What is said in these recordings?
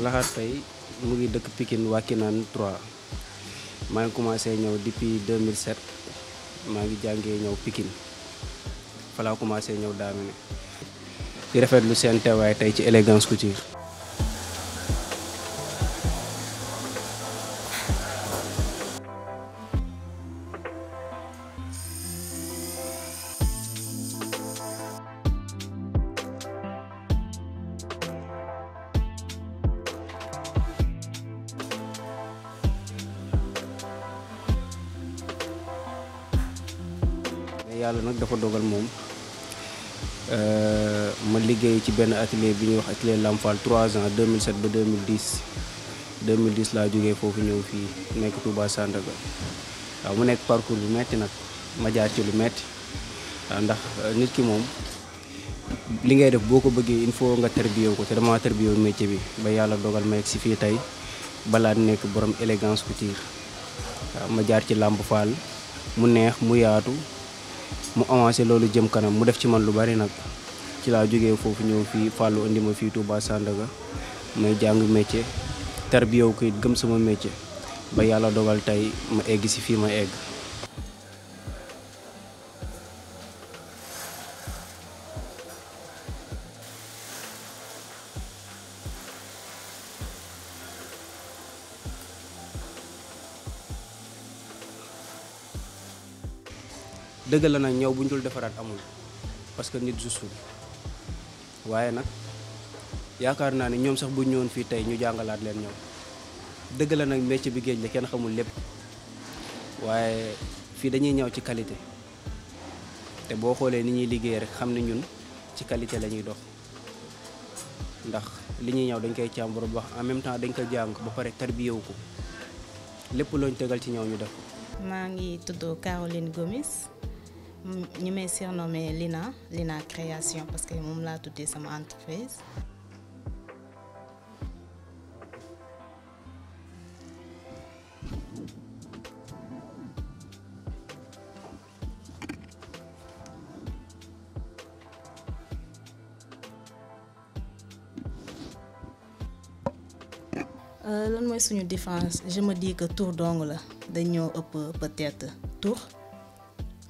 Lahat fay mu ngi dëkk Pikine Wakinaan 3 maa ngi commencé ñëw depuis 2007 maa ngi jàngee ñëw pikin fa laa commencé ñëw Daamine rafet rafetlu seen teewaay tey ci élégance couture yàlla nag dafa dogal moom euh, ma liggéey ci benn atelier bi ñuy wax atelier Lamfal 3 ans 2007 ba 2010 2010 laa jógee foofu ñëw fii nekk Touba Sandaga waaw mu nekk parcours bu metti nag ma jaar ci lu metti waaw ndax euh, nit ki moom li ngay def boo ko bëggee il faut nga tarbiyoo ko te dama tarbiyoo métier bi ba yàlla dogal ma yegg si fii tey balaa nekk boroom élégance couture waaw ma jaar ci làmb faal mu neex mu yaatu mu avancé loolu jëm kanam mu def ci man lu bari nag ci laa jóge foofu ñëw fii Fallou indi ma fii Touba Sandaga may jàng métier tarbiyaw ko it gëm sama métier ba yàlla dogal tey ma egg si fii ma egg. dëgg la nag ñëw bu ñu dul defaraat amul parce que nit juste waaye nag yaakaar naa ne ñoom sax bu ñëwoon fii tey ñu jàngalaat leen ñëw dëgg la nag métier bi géej la kenn xamul lépp waaye fii dañuy ñëw ci qualité te boo xoolee ni ñuy liggéey rek xam ne ñun ci qualité lañuy dox ndax li ñuy ñëw dañ koy càmbar bu wax en même temps dañ ko jàng ba pare tarbiyewu ko lépp looñ tegal ci ñaw ñu def maa ngi tudd Caroline Gomis. ñu may surnommé Lina création parce que moom laa tuddee sama entreprise. Euh, lan mooy suñu différence je me dis tour dong la dañoo ëpp peut tour.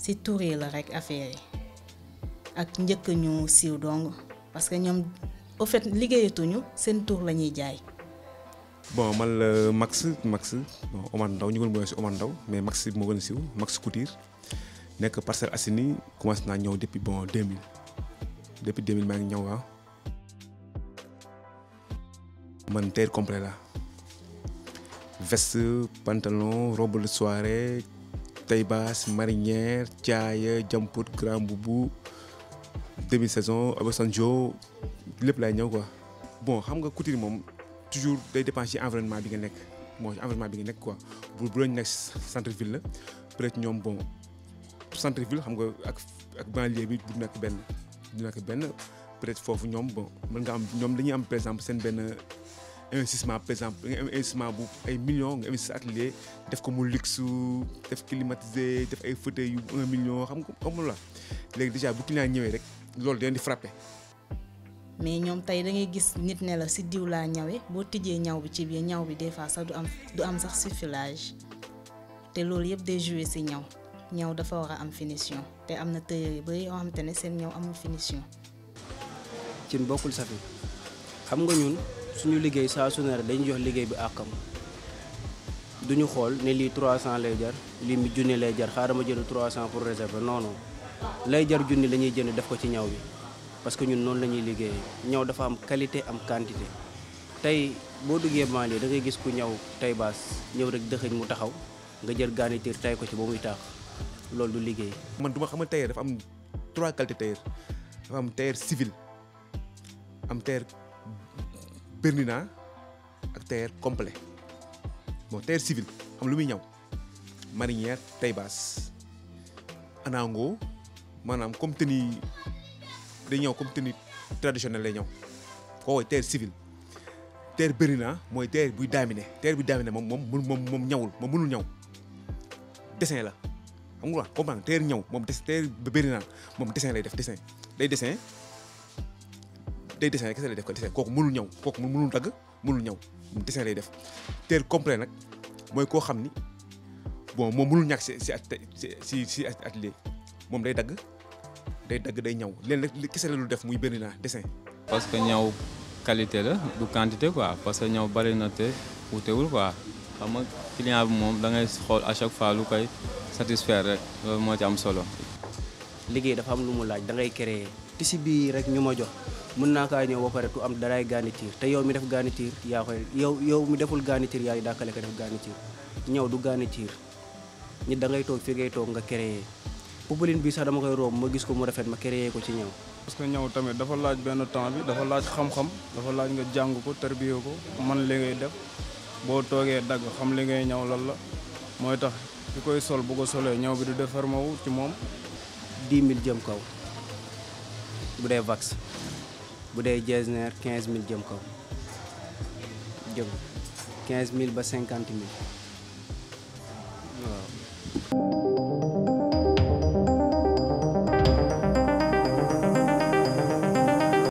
ci tur yi la rekk affaire yi ak njëkk ñu siiw dong parce que ñoom au fait liggéeyatuñu seen tur la ñuy jaay. bon man la Max Max bon Omar Ndaw ñu gën mooy si mais Max moo gën siiw Max Couture nekk Parcelles Assainies commencé naa ñëw depuis bon 2000 depuis 2000 maa ngi ñëw waaw. man tailleur complet la veste pantalon robe soirée. Taïbas Marinière Thiaye Jamput Grand Boubou demi saison Obasanjo lépp laay ñëw ko bon xam nga couture moom toujours day dépend ci environnement bi nga nekk mooy environnement bi nga nekk quoi bu bu lañ nekk centre ville la peut être ñoom bon centre ville xam nga ak ak banlieue bi du nekk benn du nekk benn peut être foofu ñoom bon mën nga am ñoom dañuy am par exemple seen benn. investissement par exemple investissement bu ay million nga investir atelier def ko mu luxe def climatisé def ay fauteuils yu un million xam nga amul la léegi déjà bu client ñëwee rek loolu dañ di frappé. mais ñoom tey da ngay gis nit ne la si diw laa ñawee boo tijjee ñaw bi ci biir ñaw bi des fois sax du am du am sax suffilage te loolu yëpp day joué si ñaw ñaw dafa war a am finition te am na tailleur yu bëri yoo xamante ne seen ñaw amul finition. ci bokkul safi xam nga ñun. suñu liggéey saa su ne rek dañuy jox liggéey bi àqam duñu xool ne lii 300 lay jar lii mu junni lay jar xaaral ma jënd 300 pour réserver non non lay jar junni la ñuy jënd def ko ci ñaw bi parce que ñun noonu la ñuy liggéeyee ñaw dafa am qualité am quantité tey boo duggee Mali da ngay gis ku ñaw tey baas ñëw rek dëxëñ mu taxaw nga jël garniture tey ko ci ba muy taax loolu du liggéey. man du ma xamal tailleur dafa am trois qualités tailleur dafa am tailleur civil am Bernina ak tailleur complet bon tailleur civil xam lu muy ñaw marinière taille basse anango maanaam comme tenue day ñaw comme tenue traditionnelle lay ñaw koo wooy tailleur civil tailleur Bernina mooy tailleur buy daamine tailleur buy daamine moom moom moom moom ñawul moom mënul ñaw dessin la xam nga comprendre tailleur ñaw moom des tailleur Bernina moom dessin lay def dessin day dessin day dessin kese lay def ko dessin kooku mënul ñëw kooku mënul dagg mënul ñëw dessin lay def teer complet nag mooy koo xam ni bon moom mënul ñàkk si si si si atelier moom day dagg day dagg day ñëw leen rek kese la lu def muy bëri naa dessin parce que ñëw qualité la du quantité quoi parce que ñëw bëri na te wutewul quoi xam nga bi moom da ngay xool à chaque fois lu koy satisfaire rek moo ci am solo liggéey dafa am lu mu laaj da ngay tisi bii rek ñu ma jox mën naa kaa ñëw ba pare tu am daraay garniture te yow mi def garniture yaa koy yow yow mi deful garniture yaay dàkkale ko def garniture ñëw du garniture ñi da ngay toog fi ngay toog nga créer popeline bi sax dama koy room ma gis ko mu rafet ma créer ko ci ñëw. parce que ñëw tamit dafa laaj benn temps bi dafa laaj xam-xam dafa laaj nga jàng ko tarbiye ko man li ngay def boo toogee dagg xam li ngay ñëw lan la mooy tax ki koy sol bu ko solee ñëw bi du defarmawu ci moom 10 000 jëm kaw. bu dee vax bu dee jesner quinze mil jëm kaw jëm quinze mille ba cinquante mille waaw